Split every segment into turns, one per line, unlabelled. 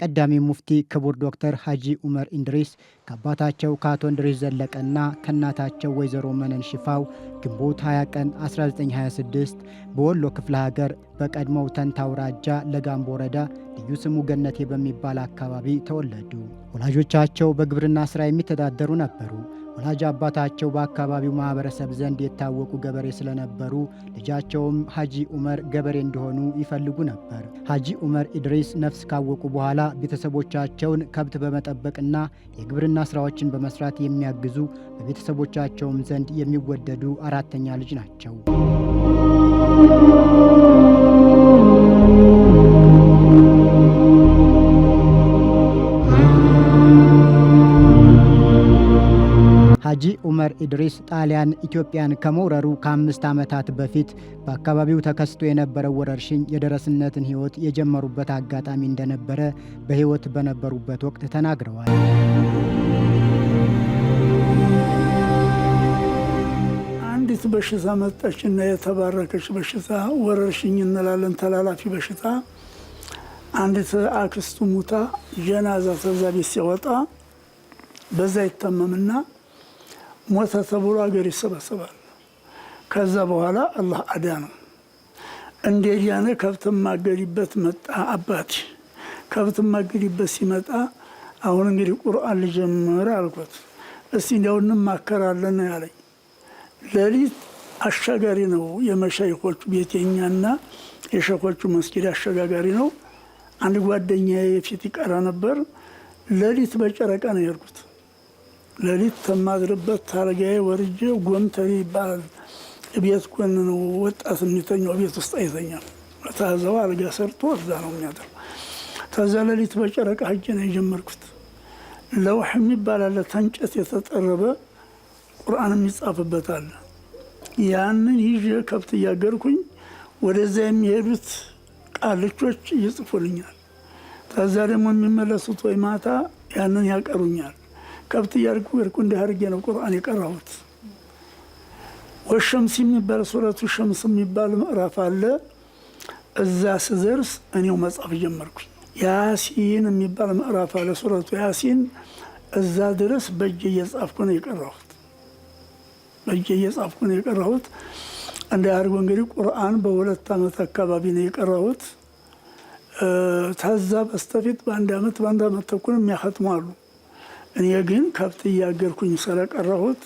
ተቀዳሚ ሙፍቲ ክቡር ዶክተር ሀጂ ኡመር ኢንድሪስ ከአባታቸው ከአቶ እንድሪስ ዘለቀና ከእናታቸው ወይዘሮ መነን ሽፋው ግንቦት 20 ቀን 1926 በወሎ ክፍለ ሀገር በቀድሞው ተንታ አውራጃ ለጋምቦ ወረዳ ልዩ ስሙ ገነቴ በሚባል አካባቢ ተወለዱ። ወላጆቻቸው በግብርና ሥራ የሚተዳደሩ ነበሩ። ወላጅ አባታቸው በአካባቢው ማህበረሰብ ዘንድ የታወቁ ገበሬ ስለነበሩ ልጃቸውም ሀጂ ዑመር ገበሬ እንዲሆኑ ይፈልጉ ነበር። ሐጂ ዑመር ኢድሪስ ነፍስ ካወቁ በኋላ ቤተሰቦቻቸውን ከብት በመጠበቅና የግብርና ስራዎችን በመስራት የሚያግዙ በቤተሰቦቻቸውም ዘንድ የሚወደዱ አራተኛ ልጅ ናቸው። ሐጂ ዑመር ኢድሪስ ጣሊያን ኢትዮጵያን ከመውረሩ ከአምስት ዓመታት በፊት በአካባቢው ተከስቶ የነበረው ወረርሽኝ የደረስነትን ሕይወት የጀመሩበት አጋጣሚ እንደነበረ በሕይወት በነበሩበት ወቅት ተናግረዋል።
አንዲት በሽታ መጣችና የተባረከች በሽታ ወረርሽኝ እንላለን፣ ተላላፊ በሽታ አንዲት አክስቱ ሙታ ጀናዛ ተዛ ቤት ሲወጣ በዛ ይታመምና ሞተ ተብሎ አገር ይሰበሰባል። ከዛ በኋላ አላህ አዳ ነው እንዴ ያነ ከብት ማገድበት መጣ አባት ከብት ማገድበት ሲመጣ አሁን እንግዲህ ቁርአን ልጀምር አልኩት። እስቲ እንዲያው እንማከራለን ያለኝ ሌሊት አሻጋሪ ነው የመሻይኮቹ ቤት የኛና የሸኮቹ መስጊድ አሸጋጋሪ ነው። አንድ ጓደኛ የፊት ይቀራ ነበር። ሌሊት በጨረቃ ነው የሄድኩት። ሌሊት ከማድርበት ታረጋዬ ወርጄ ጎምተሪ ይባላል። ቤት ጎን ነው ወጣት የሚተኛው፣ ቤት ውስጥ አይተኛም። ታዘው አልጋ ሰርቶ እዛ ነው የሚያደርገው። ከዛ ሌሊት በጨረቃ ሂጄ ነው የጀመርኩት። ለውሕ የሚባል አለ፣ ተንጨት የተጠረበ ቁርአን የሚጻፍበት አለ። ያንን ይዤ ከብት እያገርኩኝ ወደዛ የሚሄዱት ቃልቾች ይጽፉልኛል። ከዛ ደግሞ የሚመለሱት ወይ ማታ ያንን ያቀሩኛል። ከብት እያርጉ እርቁ እንዳያርጌ ነው ቁርአን የቀራሁት። ወሸምስ የሚባል ሱረቱ ሸምስ የሚባል ምዕራፍ አለ። እዛ ስዘርስ እኔው መጽሐፍ ጀመርኩኝ። ያሲን የሚባል ምዕራፍ አለ ሱረቱ ያሲን። እዛ ድረስ በእጄ እየጻፍኩ ነው የቀራሁት። በእጄ እየጻፍኩ ነው የቀራሁት። እንዳያርጎ እንግዲህ ቁርአን በሁለት ዓመት አካባቢ ነው የቀራሁት። ታዛ በስተፊት በአንድ ዓመት በአንድ ዓመት ተኩል የሚያኸጥሙ አሉ እኔ ግን ከብት እያገርኩኝ ስለቀረሁት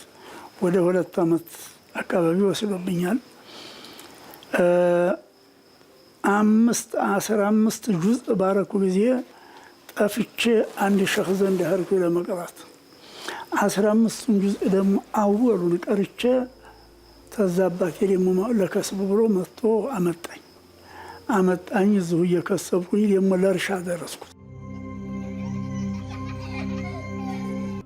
ወደ ሁለት ዓመት አካባቢ ወስዶብኛል። አምስት አስራ አምስት ጁዝ ባረኩ ጊዜ ጠፍቼ አንድ ሸህ ዘንድ ሄድኩ ለመቅራት። አስራ አምስቱን ጁዝ ደግሞ አወሉን ቀርቼ ተዛ አባቴ ደግሞ ለከስብ ብሎ መጥቶ አመጣኝ አመጣኝ እዚሁ እየከሰብኩኝ ደግሞ ለእርሻ ደረስኩት።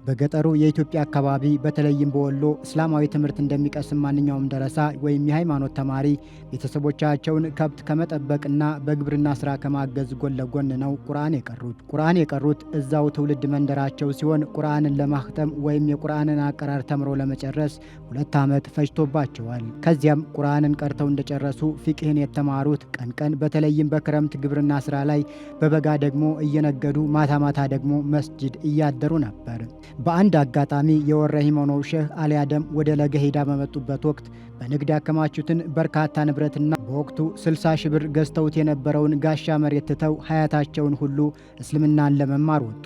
በገጠሩ የኢትዮጵያ አካባቢ በተለይም በወሎ እስላማዊ ትምህርት እንደሚቀስም ማንኛውም ደረሳ ወይም የሃይማኖት ተማሪ ቤተሰቦቻቸውን ከብት ከመጠበቅና በግብርና ስራ ከማገዝ ጎን ለጎን ነው ቁርአን የቀሩት። ቁርአን የቀሩት እዛው ትውልድ መንደራቸው ሲሆን ቁርአንን ለማክተም ወይም የቁርአንን አቀራር ተምሮ ለመጨረስ ሁለት ዓመት ፈጅቶባቸዋል። ከዚያም ቁርአንን ቀርተው እንደጨረሱ ፊቅህን የተማሩት ቀን ቀን በተለይም በክረምት ግብርና ስራ ላይ፣ በበጋ ደግሞ እየነገዱ ማታ ማታ ደግሞ መስጅድ እያደሩ ነበር። በአንድ አጋጣሚ የወረሂመኖው ሼህ አሊያደም ወደ ለገሄዳ በመጡበት ወቅት በንግድ ያከማቹትን በርካታ ንብረትና በወቅቱ 60 ሺህ ብር ገዝተውት የነበረውን ጋሻ መሬት ትተው ሀያታቸውን ሁሉ እስልምናን ለመማር ወጡ።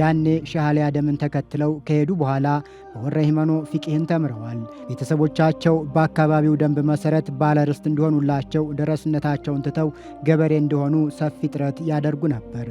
ያኔ ሻህ አሊ አደምን ተከትለው ከሄዱ በኋላ በወረ ሂመኖ ፊቅህን ተምረዋል። ቤተሰቦቻቸው በአካባቢው ደንብ መሰረት ባለርስት እንዲሆኑላቸው ደረስነታቸውን ትተው ገበሬ እንዲሆኑ ሰፊ ጥረት ያደርጉ ነበር።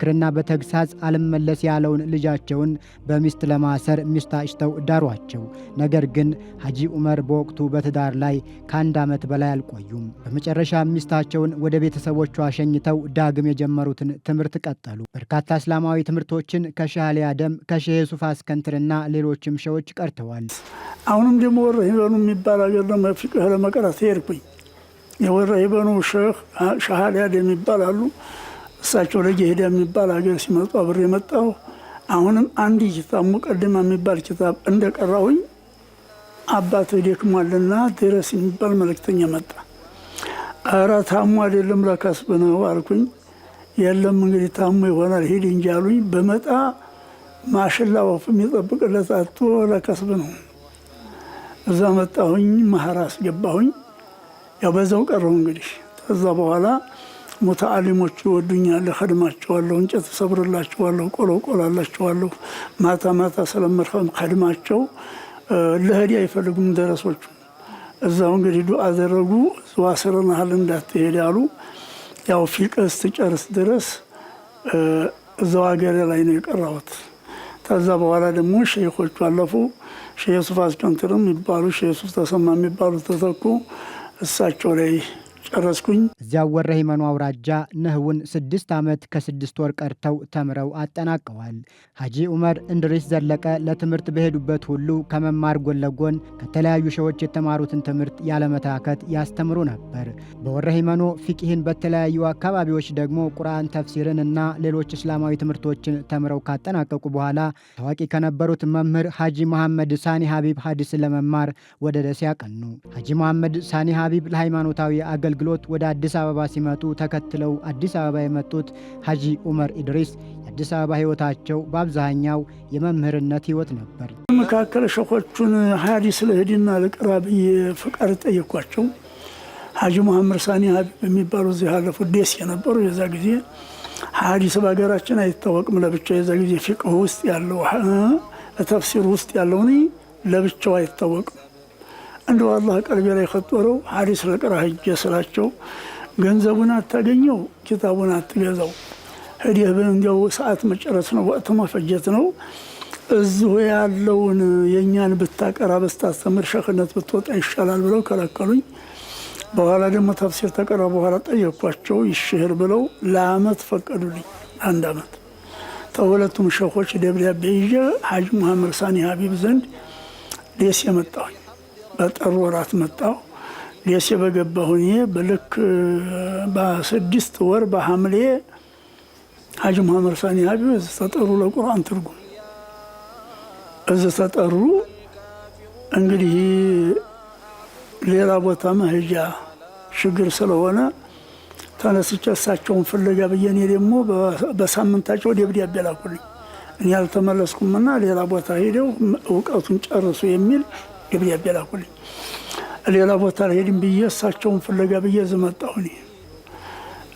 በምክርና በተግሳጽ አልመለስ ያለውን ልጃቸውን በሚስት ለማሰር ሚስት አጭተው ዳሯቸው። ነገር ግን ሐጂ ዑመር በወቅቱ በትዳር ላይ ከአንድ ዓመት በላይ አልቆዩም። በመጨረሻ ሚስታቸውን ወደ ቤተሰቦቿ አሸኝተው ዳግም የጀመሩትን ትምህርት ቀጠሉ። በርካታ እስላማዊ ትምህርቶችን ከሼህ አሊ አደም ከሼህ ሱፍ አስከንትርና ሌሎችም ሸዎች ቀርተዋል።
አሁንም ደግሞ ወረሂበኑ የሚባል አገር ለመቅራት ሄድኩኝ። የወረሂበኑ ሸህ አሊ አደም ይባላሉ። እሳቸው ለጌሄዳ የሚባል ሀገር ሲመጡ አብሬ የመጣው አሁንም አንድ ኪታብ ሙቀድማ የሚባል ኪታብ እንደቀራሁኝ አባት ደክሟልና ድረስ የሚባል መልእክተኛ መጣ። ኧረ ታሞ አይደለም ለካስብ ነው አልኩኝ። የለም እንግዲህ ታሙ ይሆናል ሂድ እንጂ አሉኝ። በመጣ ማሽላ ወፍ የሚጠብቅለት አቶ ለከስብ ነው። እዛ መጣሁኝ፣ መሀራ አስገባሁኝ። ያው በዛው ቀረው እንግዲህ ከዛ በኋላ ሙተአሊሞች ይወዱኛል፣ ከድማቸዋለሁ፣ እንጨት ሰብርላቸዋለሁ፣ ቆሎ ቆላላቸዋለሁ። ማታ ማታ ስለመድከም ከድማቸው ለህዲ አይፈልጉም ደረሶቹ። እዛው እንግዲህ ዱ አደረጉ። ዋስረናሃል እንዳትሄድ ያሉ ያው ፊቅስ ትጨርስ ድረስ እዛው ሀገሬ ላይ ነው የቀራሁት። ከዛ በኋላ ደግሞ ሸይኮቹ አለፉ። ሼህ ሱፍ አስቀንትርም የሚባሉ ሼህ ሱፍ ተሰማ የሚባሉ ተተኩ። እሳቸው ላይ ጨረስኩኝ።
እዚያው ወረ ሂመኑ አውራጃ ነህውን ስድስት ዓመት ከስድስት ወር ቀርተው ተምረው አጠናቀዋል። ሐጂ ዑመር እንድሪስ ዘለቀ ለትምህርት በሄዱበት ሁሉ ከመማር ጎን ለጎን ከተለያዩ ሸዎች የተማሩትን ትምህርት ያለመታከት ያስተምሩ ነበር። በወረ ሂመኖ ፊቅህን፣ በተለያዩ አካባቢዎች ደግሞ ቁርአን ተፍሲርን እና ሌሎች እስላማዊ ትምህርቶችን ተምረው ካጠናቀቁ በኋላ ታዋቂ ከነበሩት መምህር ሐጂ መሐመድ ሳኒ ሀቢብ ሐዲስን ለመማር ወደ ደሴ ያቀኑ። ሐጂ መሐመድ ሳኒ ሀቢብ ለሃይማኖታዊ አገልግሎ አገልግሎት ወደ አዲስ አበባ ሲመጡ ተከትለው አዲስ አበባ የመጡት ሐጂ ዑመር ኢድሪስ የአዲስ አበባ ህይወታቸው በአብዛኛው የመምህርነት ህይወት ነበር።
መካከል ሸኾቹን ሀዲስ ለህድና ልቅራ ብዬ ፍቃድ ጠየኳቸው። ሐጂ መሐመድ ሳኒ ሀቢብ በሚባሉ እዚህ ያለፉት ደስ የነበሩ የዛ ጊዜ ሀዲስ በሀገራችን አይታወቅም ለብቻ የዛ ጊዜ ፊቅህ ውስጥ ያለው ተፍሲር ውስጥ ያለውን ለብቻው አይታወቅም እንደው አላህ ቀልቤ ላይ ከጦረው ሀዲስ ለቅራ ህጀ ስላቸው ገንዘቡን አታገኘው ኪታቡን አትገዛው ህዲህ ብን እንዲያው ሰዓት መጨረስ ነው፣ ወቅት መፈጀት ነው። እዚሁ ያለውን የእኛን ብታቀራ በስታስተምር ሸክነት ብትወጣ ይሻላል ብለው ከለከሉኝ። በኋላ ደግሞ ተፍሲር ተቀራ በኋላ ጠየኳቸው ይሽህር ብለው ለአመት ፈቀዱልኝ። አንድ አመት ተሁለቱም ሸኾች ደብዳቤ ይዤ ሀጅ ሙሐመድ ሳኒ ሀቢብ ዘንድ ደስ የመጣሁኝ በጥር ወራት መጣው። ደሴ ይ በልክ በስድስት ወር በሐምሌ ሀጅ ሙሐመድ ሳኒ ሀቢ እዚ ተጠሩ ለቁርአን ትርጉም እዚ ተጠሩ። እንግዲህ ሌላ ቦታ መሄጃ ችግር ስለሆነ ተነስቼ እሳቸውን ፍለጋ ብዬ እኔ ደግሞ በሳምንታቸው ደብዳቤ ላኩልኝ። እኔ አልተመለስኩምና ሌላ ቦታ ሄደው እውቀቱን ጨርሱ የሚል ግብዣ ላኩልኝ። ሌላ ቦታ አልሄድም ብዬ እሳቸውን ፍለጋ ብዬ እዚህ መጣሁ። እኔ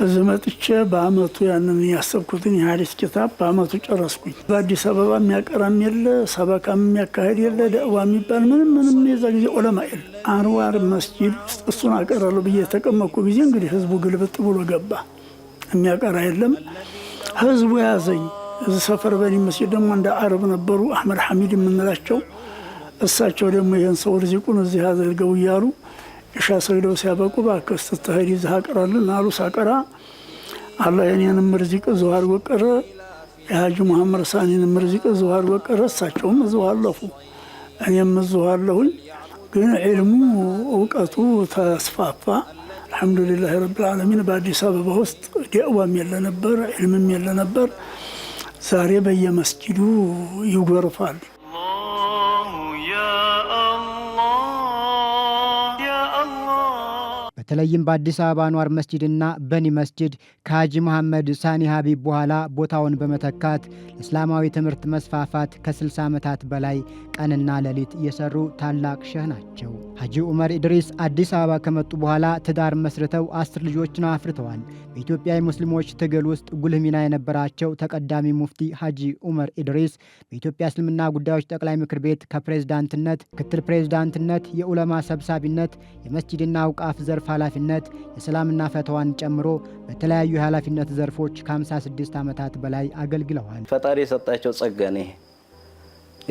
እዚህ መጥቼ በአመቱ ያንን ያሰብኩትን የሀዲስ ኪታብ በአመቱ ጨረስኩኝ። በአዲስ አበባ የሚያቀራም የለ ሰበካም የሚያካሄድ የለ ደእዋ የሚባል ምንም ምንም የዛ ጊዜ ኦለማ የለ። አንዋር መስጂድ ውስጥ እሱን አቀራለሁ ብዬ የተቀመጥኩ ጊዜ እንግዲህ ህዝቡ ግልብጥ ብሎ ገባ። የሚያቀራ የለም ህዝቡ ያዘኝ። እዚህ ሰፈር በኒ መስጂድ ደግሞ እንደ አረብ ነበሩ አህመድ ሐሚድ የምንላቸው እሳቸው ደግሞ ይህን ሰው ርዚቁን እዚህ አዘልገው እያሉ እሻ ሰው ሄደው ሲያበቁ በአከስት ስትሄድ ይዘህ አቅራልን አሉ። ሳቀራ አላህ የኔንም ርዚቅ እዛው አድርጎ ቀረ። የሀጂ መሐመድ ሳኔንም ርዚቅ እዛው አድርጎ ቀረ። እሳቸውም እዛው አለፉ። እኔም እዛው አለሁኝ። ግን ዒልሙ እውቀቱ ተስፋፋ። አልሐምዱሊላህ ረብልዓለሚን በአዲስ አበባ ውስጥ ደእዋም የለ ነበር፣ ዒልምም የለ ነበር። ዛሬ በየመስጂዱ ይጎርፋል።
በተለይም በአዲስ አበባ አንዋር መስጅድና በኒ መስጅድ ከሀጂ መሐመድ ሳኒ ሀቢብ በኋላ ቦታውን በመተካት ለእስላማዊ ትምህርት መስፋፋት ከ60 ዓመታት በላይ ቀንና ሌሊት የሰሩ ታላቅ ሸህ ናቸው። ሀጂ ዑመር ኢድሪስ አዲስ አበባ ከመጡ በኋላ ትዳር መስርተው አስር ልጆችን አፍርተዋል። በኢትዮጵያ የሙስሊሞች ትግል ውስጥ ጉልህ ሚና የነበራቸው ተቀዳሚ ሙፍቲ ሀጂ ዑመር ኢድሪስ በኢትዮጵያ እስልምና ጉዳዮች ጠቅላይ ምክር ቤት ከፕሬዝዳንትነት፣ ምክትል ፕሬዝዳንትነት፣ የዑለማ ሰብሳቢነት፣ የመስጅድና አውቃፍ ዘርፍ ኃላፊነት የሰላምና ፈተዋን ጨምሮ በተለያዩ የኃላፊነት ዘርፎች ከ56 ዓመታት በላይ አገልግለዋል።
ፈጣሪ የሰጣቸው ጸጋኔ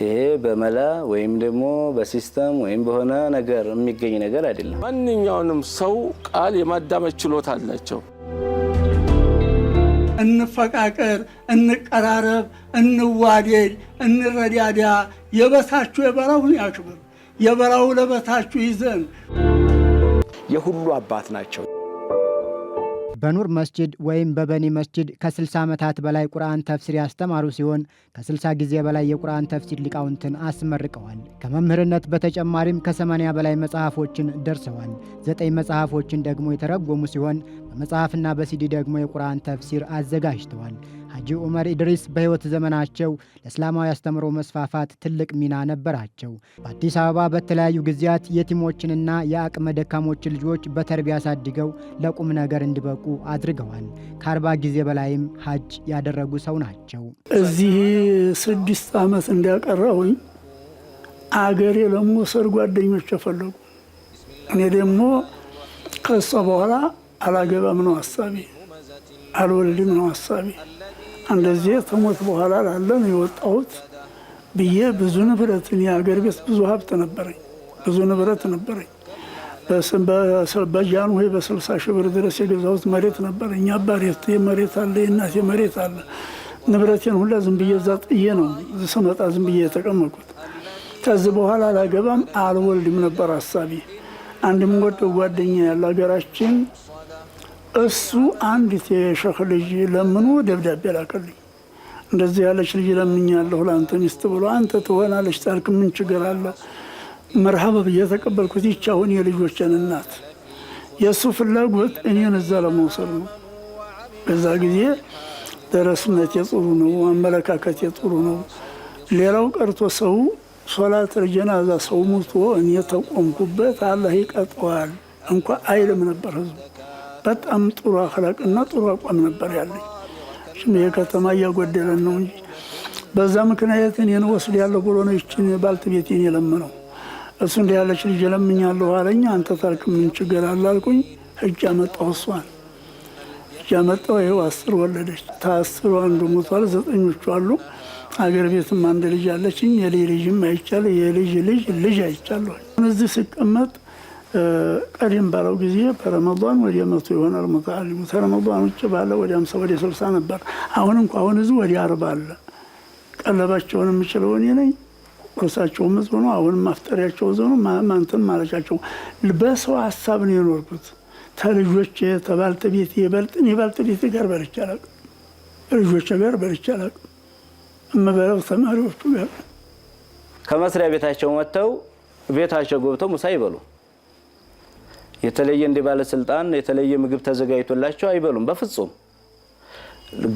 ይሄ በመላ ወይም ደግሞ በሲስተም ወይም በሆነ ነገር የሚገኝ ነገር አይደለም።
ማንኛውንም ሰው ቃል የማዳመጥ ችሎታ አላቸው።
እንፈቃቀር፣ እንቀራረብ፣ እንዋደድ፣ እንረዳዳ የበታችሁ የበራሁን ያክብር የበራሁ ለበታችሁ ይዘን
የሁሉ አባት ናቸው።
በኑር መስጅድ ወይም በበኒ መስጅድ ከ60 ዓመታት በላይ ቁርአን ተፍሲር ያስተማሩ ሲሆን ከ60 ጊዜ በላይ የቁርአን ተፍሲር ሊቃውንትን አስመርቀዋል። ከመምህርነት በተጨማሪም ከ80 በላይ መጽሐፎችን ደርሰዋል። ዘጠኝ መጽሐፎችን ደግሞ የተረጎሙ ሲሆን በመጽሐፍና በሲዲ ደግሞ የቁርአን ተፍሲር አዘጋጅተዋል። ሐጂ ዑመር ኢድሪስ በሕይወት ዘመናቸው ለእስላማዊ አስተምሮ መስፋፋት ትልቅ ሚና ነበራቸው። በአዲስ አበባ በተለያዩ ጊዜያት የቲሞችንና የአቅመ ደካሞች ልጆች በተርቢያ አሳድገው ለቁም ነገር እንዲበቁ አድርገዋል። ከአርባ ጊዜ በላይም ሐጅ ያደረጉ ሰው ናቸው።
እዚህ ስድስት ዓመት እንዳቀረሁኝ አገሬ ለመውሰድ ጓደኞች የፈለጉ እኔ ደግሞ ከሷ በኋላ አላገባም ነው ሀሳቤ፣ አልወልድም ነው ሀሳቤ እንደዚህ ከሞት በኋላ ላለ ነው የወጣሁት ብዬ ብዙ ንብረትን የሀገር ቤት ብዙ ሀብት ነበረኝ፣ ብዙ ንብረት ነበረኝ። ወይ በስልሳ ሺህ ብር ድረስ የገዛሁት መሬት ነበረኝ። አባሬት መሬት አለ፣ የእናቴ መሬት አለ። ንብረቴን ሁላ ዝም ብዬ እዛ ጥዬ ነው ስመጣ ዝም ብዬ የተቀመጥኩት። ከዚህ በኋላ አላገባም አልወልድም ነበር ሀሳቤ። አንድም ወደ ጓደኛ ያለ ሀገራችን እሱ አንዲት የሸህ ልጅ ለምኑ ደብዳቤ ላከልኝ። እንደዚህ ያለች ልጅ ለምኛለሁ ለአንተ ሚስት ብሎ አንተ ትሆናለች ታልክ ምን ችግር አለ? መርሃበ ብዬ ተቀበልኩት። ይች አሁን የልጆችን እናት የእሱ ፍላጎት እኔን እዛ ለመውሰድ ነው። በዛ ጊዜ ደረስነት የጥሩ ነው፣ አመለካከት የጥሩ ነው። ሌላው ቀርቶ ሰው ሶላት ጀናዛ ሰው ሙቶ እኔ ተቆምኩበት አላህ ይቀጠዋል እንኳ አይልም ነበር ህዝቡ በጣም ጥሩ አክላቅና ጥሩ አቋም ነበር ያለኝ። ይህ ከተማ እያጎደለን ነው እንጂ በዛ ምክንያት እኔን ወስድ ያለው ብሎ ነው ይችን ባልተቤቴን የለመነው። እሱ እንዲ ያለች ልጅ ለምኛለሁ አለኝ። አንተ ታልክ ምን ችግር አለ አልኩኝ። እጅ አመጣሁ፣ እሷን እጅ አመጣሁ። ይኸው አስር ወለደች። ታስሩ አንዱ ሞቷል፣ ዘጠኞቹ አሉ። አገር ቤትም አንድ ልጅ አለችኝ። የልጅ ልጅም አይቻል የልጅ ልጅ ልጅ አይቻለሁ። እዚህ ስቀመጥ ቀደም ባለው ጊዜ በረመዷን ወደ መቶ ይሆናል ሙተዓሊሙ። ተረመዷን ውጭ ባለ ወደ አምሳ ወደ ስልሳ ነበር። አሁን እንኳ አሁን እዚሁ ወደ አርባ አለ። ቀለባቸውን የምችለው እኔ ነኝ። ቁርሳቸውም እዚሁ ነው። አሁን ማፍጠሪያቸው እዚሁ ነው። ማንትን ማለቻቸው በሰው ሀሳብ ነው የኖርኩት። ተልጆች ተባልተ ቤት የበልጥን የባልተ ቤት ጋር በልቼ አላውቅም። ልጆች ጋር በልቼ አላውቅም። የምበላው ተማሪዎቹ ጋር
ከመስሪያ ቤታቸው መጥተው ቤታቸው ገብተው ሙሳ ይበሉ የተለየ እንደ ባለስልጣን የተለየ ምግብ ተዘጋጅቶላቸው አይበሉም። በፍጹም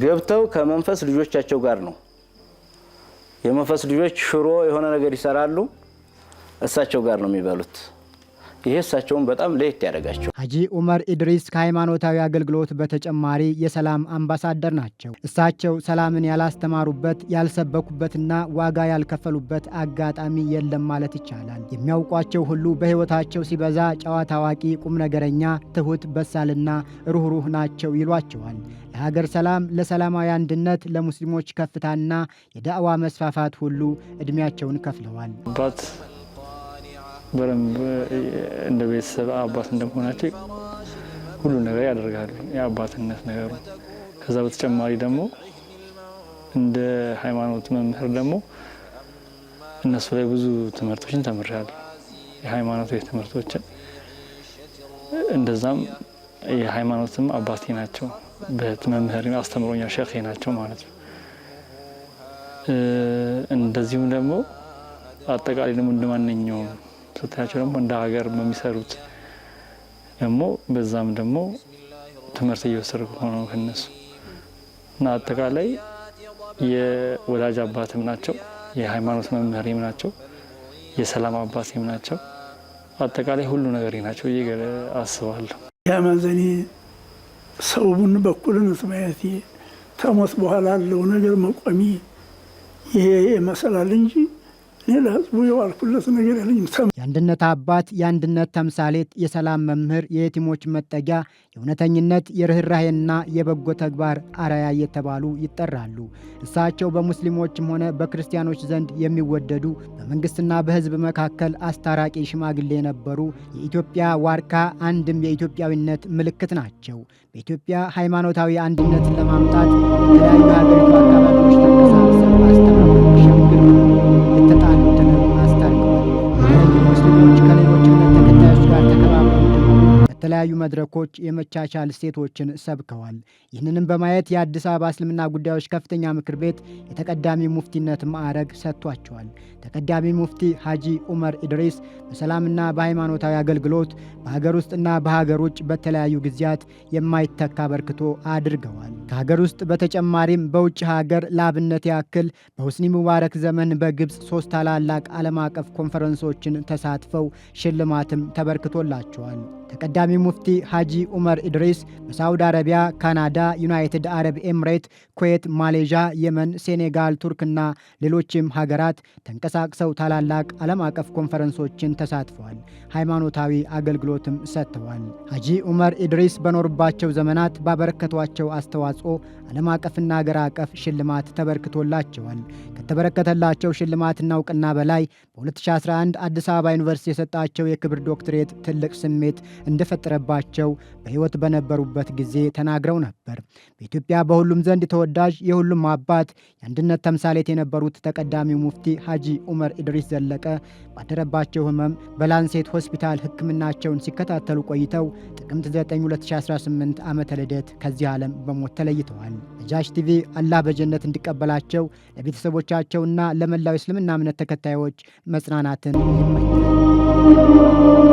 ገብተው ከመንፈስ ልጆቻቸው ጋር ነው። የመንፈስ ልጆች ሽሮ የሆነ ነገር ይሰራሉ፣ እሳቸው ጋር ነው የሚበሉት። ይሄ እሳቸውን በጣም ለየት ያደረጋቸው።
ሀጂ ኡመር ኢድሪስ ከሃይማኖታዊ አገልግሎት በተጨማሪ የሰላም አምባሳደር ናቸው። እሳቸው ሰላምን ያላስተማሩበት ያልሰበኩበትና ዋጋ ያልከፈሉበት አጋጣሚ የለም ማለት ይቻላል። የሚያውቋቸው ሁሉ በሕይወታቸው ሲበዛ ጨዋታ ታዋቂ፣ ቁም ነገረኛ፣ ትሑት፣ በሳልና ሩኅሩህ ናቸው ይሏቸዋል። ለሀገር ሰላም፣ ለሰላማዊ አንድነት፣ ለሙስሊሞች ከፍታና የዳዕዋ መስፋፋት ሁሉ ዕድሜያቸውን ከፍለዋል።
በደንብ እንደ ቤተሰብ አባት እንደመሆናቸው ሁሉ ነገር ያደርጋሉ። የአባትነት ነገሩ ከዛ በተጨማሪ ደግሞ እንደ ሃይማኖት መምህር ደግሞ እነሱ ላይ ብዙ ትምህርቶችን ተምሬያለሁ። የሃይማኖታዊ ትምህርቶችን እንደዛም የሃይማኖትም አባቴ ናቸው። በመምህር አስተምሮኛ ሸኼ ናቸው ማለት ነው። እንደዚሁም ደግሞ አጠቃላይ ደግሞ እንደማንኛውም ሁለተኛቸው ደግሞ እንደ ሀገር በሚሰሩት ደግሞ በዛም ደግሞ ትምህርት እየወሰድኩ ሆነው ከነሱ እና አጠቃላይ የወላጅ አባትም ናቸው፣ የሃይማኖት መምህሬም ናቸው፣ የሰላም አባትም ናቸው። አጠቃላይ ሁሉ ነገር ናቸው ብዬ አስባለሁ።
ያመዘኔ ሰውቡን በኩልነት ማየቴ ተሞት በኋላ ያለው ነገር መቆሚ ይሄ ይመስላል እንጂ እኔ ለህዝቡ የዋልኩለት ነገር የለኝም።
የአንድነት አባት፣ የአንድነት ተምሳሌት፣ የሰላም መምህር፣ የየቲሞች መጠጊያ፣ የእውነተኝነት የርኅራሄና የበጎ ተግባር አርአያ እየተባሉ ይጠራሉ። እሳቸው በሙስሊሞችም ሆነ በክርስቲያኖች ዘንድ የሚወደዱ በመንግስትና በህዝብ መካከል አስታራቂ ሽማግሌ የነበሩ የኢትዮጵያ ዋርካ አንድም የኢትዮጵያዊነት ምልክት ናቸው። በኢትዮጵያ ሃይማኖታዊ አንድነትን ለማምጣት የተለያዩ ሀገሪቱ አካባቢዎች ተንቀሳቅሰው አስተምረዋል። የተጣሉትንም አስታርቀዋል። ሙስሊሞች ከሌሎች እምነት ተከታዮች ጋር ተከ በተለያዩ መድረኮች የመቻቻል እሴቶችን ሰብከዋል። ይህንንም በማየት የአዲስ አበባ እስልምና ጉዳዮች ከፍተኛ ምክር ቤት የተቀዳሚ ሙፍቲነት ማዕረግ ሰጥቷቸዋል። ተቀዳሚ ሙፍቲ ሐጂ ኡመር ኢድሪስ በሰላምና በሃይማኖታዊ አገልግሎት በሀገር ውስጥና በሀገር ውጭ በተለያዩ ጊዜያት የማይተካ አበርክቶ አድርገዋል። ከሀገር ውስጥ በተጨማሪም በውጭ ሀገር ላብነት ያክል በሁስኒ ሙባረክ ዘመን በግብፅ ሶስት ታላላቅ ዓለም አቀፍ ኮንፈረንሶችን ተሳትፈው ሽልማትም ተበርክቶላቸዋል። ተቀዳሚ ሙፍቲ ሐጂ ዑመር ኢድሪስ በሳውዲ አረቢያ፣ ካናዳ፣ ዩናይትድ አረብ ኤምሬት፣ ኩዌት፣ ማሌዥያ፣ የመን፣ ሴኔጋል፣ ቱርክና ሌሎችም ሀገራት ተንቀሳቅሰው ታላላቅ ዓለም አቀፍ ኮንፈረንሶችን ተሳትፈዋል። ሃይማኖታዊ አገልግሎትም ሰጥተዋል። ሐጂ ኡመር ኢድሪስ በኖሩባቸው ዘመናት ባበረከቷቸው አስተዋጽኦ ዓለም አቀፍና አገር አቀፍ ሽልማት ተበርክቶላቸዋል። ከተበረከተላቸው ሽልማትና እውቅና በላይ በ2011 አዲስ አበባ ዩኒቨርሲቲ የሰጣቸው የክብር ዶክትሬት ትልቅ ስሜት እንደፈጠረባቸው በሕይወት በነበሩበት ጊዜ ተናግረው ነበር። በኢትዮጵያ በሁሉም ዘንድ ተወዳጅ የሁሉም አባት የአንድነት ተምሳሌት የነበሩት ተቀዳሚው ሙፍቲ ሐጂ ዑመር ኢድሪስ ዘለቀ ባደረባቸው ህመም በላንሴት ሆስፒታል ሕክምናቸውን ሲከታተሉ ቆይተው ጥቅምት 9 2018 ዓመተ ልደት ከዚህ ዓለም በሞት ተለይተዋል። ነጃሽ ቲቪ አላህ በጀነት እንዲቀበላቸው ለቤተሰቦቻቸውና ለመላው እስልምና እምነት ተከታዮች መጽናናትን ይመኛል።